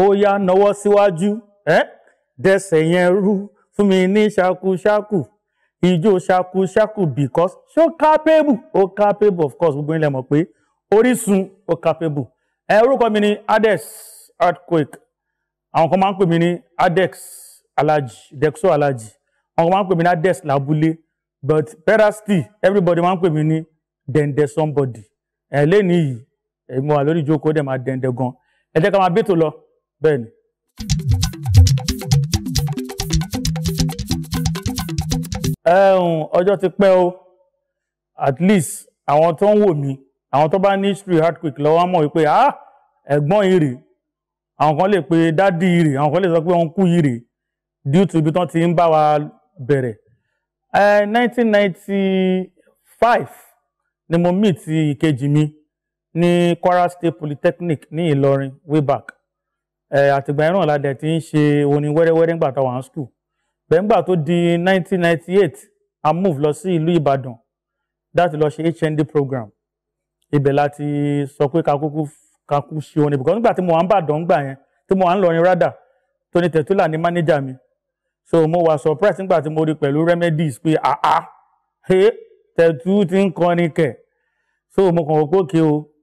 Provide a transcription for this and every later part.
ó yá nọwọ́ síwájú ẹ́ dẹsẹ̀ yẹn rú fún mi ní ṣakúṣakù ìjó ṣakúṣakù because ṣó capable ó capable of course gbogbo ilẹ̀ mọ̀ pé orísun ó capable ẹ orúkọ mi ni adex earthquake àwọn kan máa ń pè mí ní adex alaji dexo alaji àwọn kan máa ń pè mí ní adex labule but better still everybody máa ń pè mí ní dende somebody ẹ lẹ́nìí yìí èmi wà lórí ìjókòó dẹ̀ máa dende gan ẹ jẹ́ ká máa bẹ́tò lọ bẹ́ẹ̀ ni. ẹ̀hún ọjọ́ ti pẹ́ o at least àwọn tó ń wò mí àwọn tó bá ní history earthquake lọ́wọ́ mọ̀ wípé ah ẹ̀gbọ́n yìí rèé àwọn kan lè pe dádì yìí rèé àwọn kan lè sọ pé òun kú yìí rèé due to ibi tán ti ń bá wa bẹ̀rẹ̀ nineteen ninety five ni mo meet ìkejì mi ní Kwara State Polytechnic ní Ìlọrin way back àtìgbà yẹn náà la dẹ̀ ti ń ṣe orin wẹ́rẹ́wẹ́rẹ́ nígbà táwa ń school bẹ́ẹ̀ nígbà tó di 1998 a move lọ sí ìlú Ìbàdàn láti lọ ṣe HND program ibẹ̀ láti sọ pé kakuku kaku ṣe orin because nígbà tí mo wà ń bàdàn gbà yẹn tí mo wà ń lọrin rádà Tony Tẹ̀túlà ní mánéjà mi so mo wà surprise nígbà tí mo rí pẹ̀lú remedies pé àá Tẹ̀tú ti ń kọrin kẹ̀ so mo kàn wọ́n pé o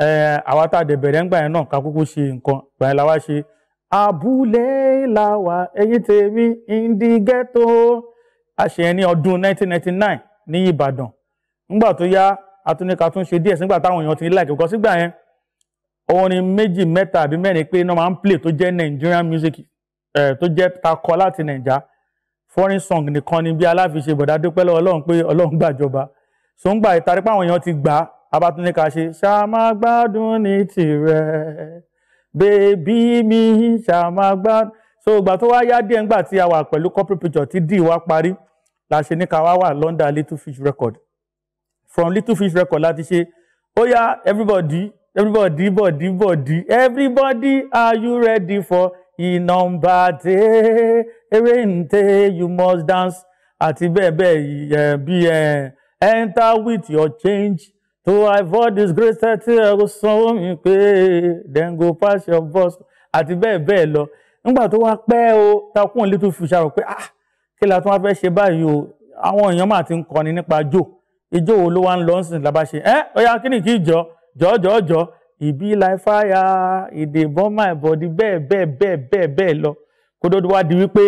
Eh, àwa tá a dẹ̀ bẹ̀rẹ̀ ńgbà yẹn náà ká kúkú ṣe nǹkan ìgbà yẹn la wá ṣe abúlé la wà ẹ̀yin tèmi indi ghetto àṣeyẹn ní ọdún 1999 ní Ìbàdàn ńgbà tó yá atúnika tún ṣe díẹ̀ sígbà táwọn èèyàn ti ní láìkẹ́ kọ́ sígbà yẹn orin méjì mẹ́ta àbí mẹ́rin pé náà máa ń play tó jẹ́ Nigerian music eh, tó jẹ́ ta kọ láti Nàìjà foreign song nìkan ni bí aláfiṣe bọ̀dá dúpẹ́ lọ́wọ́ Ọlọ́run pé Ọlọ́run gbàjọba so ń ìtarí pé àwọn èèyàn ti gbà á abatunde ká ṣe ṣàmàgbádùn ní tìrẹ bèbí mi ṣàmàgbádùn so ìgbà tó wá yá díẹ̀ ńgbà tí a wà pẹ̀lú corporate picture tí dì wá parí la ṣe ní ká wá wà London Little Fish Record from Little Fish Record láti ṣe ó yá everybody everybody body body everybody are you ready for ìnàmbàdé eré ǹtẹ you must dance àti bẹ́ẹ̀ bẹ́ẹ̀ bí enter with your change. To avoid disgrace thirty ẹ kò sanwó mi pé then go pass your boss àti bẹ́ẹ̀ bẹ́ẹ̀ lọ nígbà tó wá pẹ́ o takùn little fish àrò pé ah kí la tún wá fẹ́ ṣe báyìí o àwọn èèyàn máa ti ń kọni nípa jò ijó wo ló wá ń lọ ń sìn lábá ṣe ẹ ọyà kí ni kí jọ jọ jọ jọ ìbí like fire ìdìbọn my body bẹ́ẹ̀ bẹ́ẹ̀ bẹ́ẹ̀ bẹ́ẹ̀ bẹ́ẹ̀ lọ kó dódó wá di wípé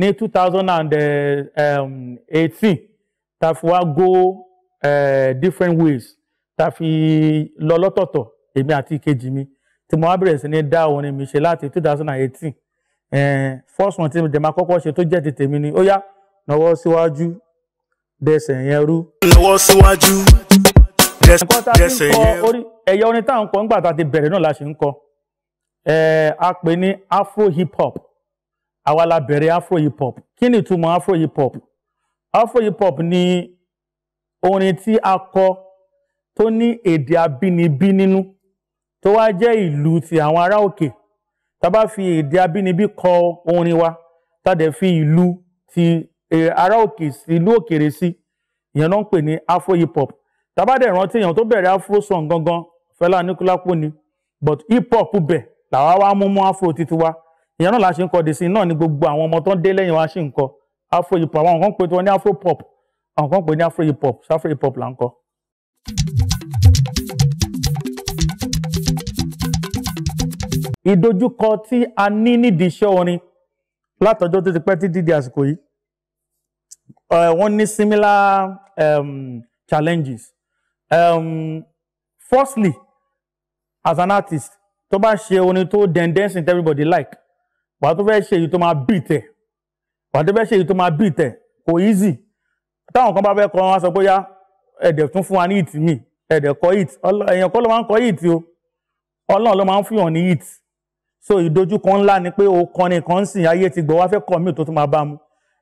ní two thousand and eh, um, eighteen ta fi wá go eh, different ways tá a fi lọ lọ́tọ̀ọ̀tọ̀ èmi àti ìkejì mi tí mo wá bẹ̀rẹ̀ sí ní dá orin mi ṣe láti two thousand eighteen first one tí mo dẹ̀ma kọ́kọ́ ṣe tó jẹ́ ti tèmi ni ó yá nọwọ́ síwájú dẹsẹ̀ yẹn rú. nọwọ́ síwájú dẹsẹ̀ yẹn rú. ẹ̀yà orin táwọn kọ́ ńgbà tá a ti bẹ̀rẹ̀ náà la ṣe ń kọ a pè ní afro hip hop àwa la bẹ̀rẹ̀ afro hip hop kí ni ìtumọ̀ afro hip hop afro hip hop ni orin tí a kọ tó ní èdè abínibí nínú tó wá jẹ́ ìlú ti àwọn ará òkè tá a bá fi èdè abínibí kọ orin wa tá a dẹ̀ fi ìlú ti e, ará òkè sí ìlú òkèrè sí ìyẹn náà ń pè ní afro hip hop tá a bá dẹ̀ rántí èèyàn tó bẹ̀rẹ̀ afro song gangan Fẹlá Aníkúlápó ni but hip hop bẹ̀ làwa wá mú mú afro títí wa ìyẹn náà la ṣe ń kọ dèsí náà ni gbogbo àwọn ọmọ tó ń dé lẹ́yìn wa ṣì ń kọ afro hip hop àwọn kan pè tí wọ́n ní afro pop àwọn kan pè ní afro hip hop afro hip hop là ń kọ. ìdojúkọ tí a ní nídìí iṣẹ́ orin látọjọ́ tó ti pẹ́ títí di àsìkò yìí wọ́n ní similar um, challenges um, firstly as an artist tó bá ṣe orin tó den dancing everybody like wà tó fẹ́ ṣe èyí tó máa beat ẹ̀ wà tó fẹ́ ṣe èyí tó máa beat ẹ̀ kò easy táwọn kan bá fẹ́ kọ́ wọn sọ bóyá ẹ̀dẹ̀ tún fún wa ní hit mi ẹ̀dẹ̀ kọ́ hit ẹ̀yàn kọ́ ló máa ń kọ́ hit o ọlọ́run ló máa ń fún yàn ní hit so ìdojúkọ ńlá ni pé okọrin kan ń sìn ayé ti gbọ́ wá fẹ́ kọ́ mi tó tún máa bá mu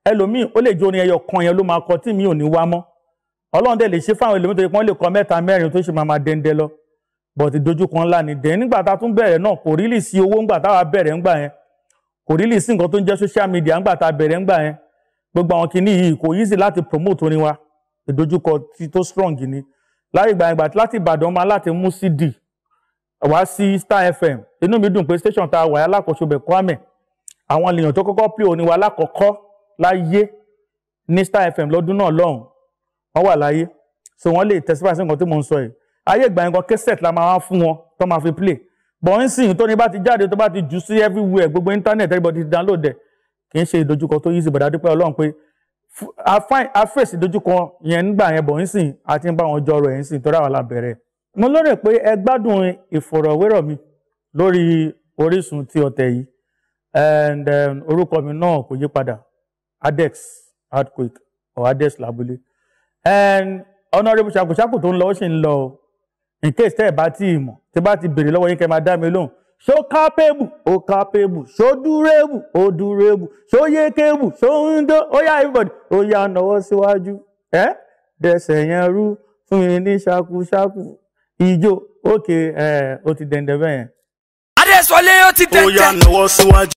ẹlòmíì ó lè jó orin ẹyọ kan yẹn ló máa kọ tí mi ò ní wá mọ́ ọlọ́run dẹ̀ lè ṣe fáwọn ẹlòmíì tó yẹ kí wọ́n lè kọ mẹ́ta mẹ́rin tó ṣe máa máa dẹ́ndẹ́ lọ but ìdojúkọ ńlá ni dẹ̀ nígbà tá a tún bẹ̀rẹ̀ náà kò rí lì sí owó ńgbà táwa bẹ̀rẹ̀ ńgbà yẹn kò rí lì sí nǹkan tó ń jẹ́ social media ńgbà tá a bẹ̀rẹ̀ ńgbà yẹn gbogbo àwọn kìíní yìí kò easy láti promote orin wa ìdojúkọ ti tó strong ni láyé ìgbà yẹn gbà láti Ìbàdàn máa láti mú CD wá sí Star FM inú mi dùn pé station tá a wà alákòóso bẹ̀ Kwame àwọn èèyàn tó kọ́kọ́ pè òní wa lákọ̀ọ́kọ́ láyé ní Star FM lọ́dún náà lọ́hùn wọ́n wà láyé so wọ́n lè tẹ̀síwájú sí nǹkan tí mò ń sọ yìí ayé ìgbà yẹn kan kẹsẹ̀t la máa wá fún wọn tó máa fi play bọ̀ ń sìn tó ní bá ti jáde tó bá ti jù sí everywhere gbogbo internet everybody ti download ẹ̀ kì í ṣe ìdojúkọ tó easy bọ̀dá dúpẹ́ Ọlọ́run pé a fèsì ìdojúkọ yẹn nígbà yẹn bọ̀ ń sìn àti ń bá wọn jọrọ ẹ̀ ń sìn tó dáwà la bẹ̀rẹ̀ mo lérò pé ẹ gbádùn ìfọ̀rọ̀wérọ̀ mi lórí Orísun ti ọ̀tẹ̀ yìí and um, orúkọ mi náà kò yí padà adex earthquake or adex labule and honourable ṣàkóṣàkó tó ń lọ ó sì ń lọ o in case tẹ́ ẹ̀ bá tí ì mọ̀ tí bá ti béèrè lọ́wọ́ yín kẹ́ máa dá mi lóhùn ṣó kápébù ó kápébù ṣó dúrébù ó dúrébù ṣó yékébù ṣó ń dó ó yá everybody ó yá nọwọ́ síwájú ẹ́ dẹsẹ̀ yẹn rú fún mi ní ṣakúṣakú ijó òkè ẹ eh, ó ti dẹ̀ndẹ̀ bẹ́ẹ̀. Adésọlé ó ti dẹ̀ndẹ̀. ó yà náwó síwájú.